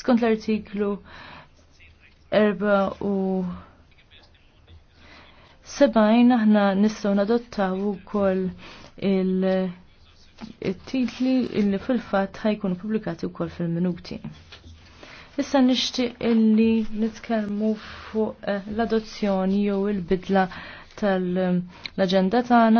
skont l-artiklu 4 u sebajn aħna nistgħu nadottaw ukoll il-titli illi fil-fatt ħajkunu pubblikati wkoll fil-minuti. Issa nixtieq illi nitkellmu fuq eh, l-adozzjoni jew il-bidla tal-aġenda tagħna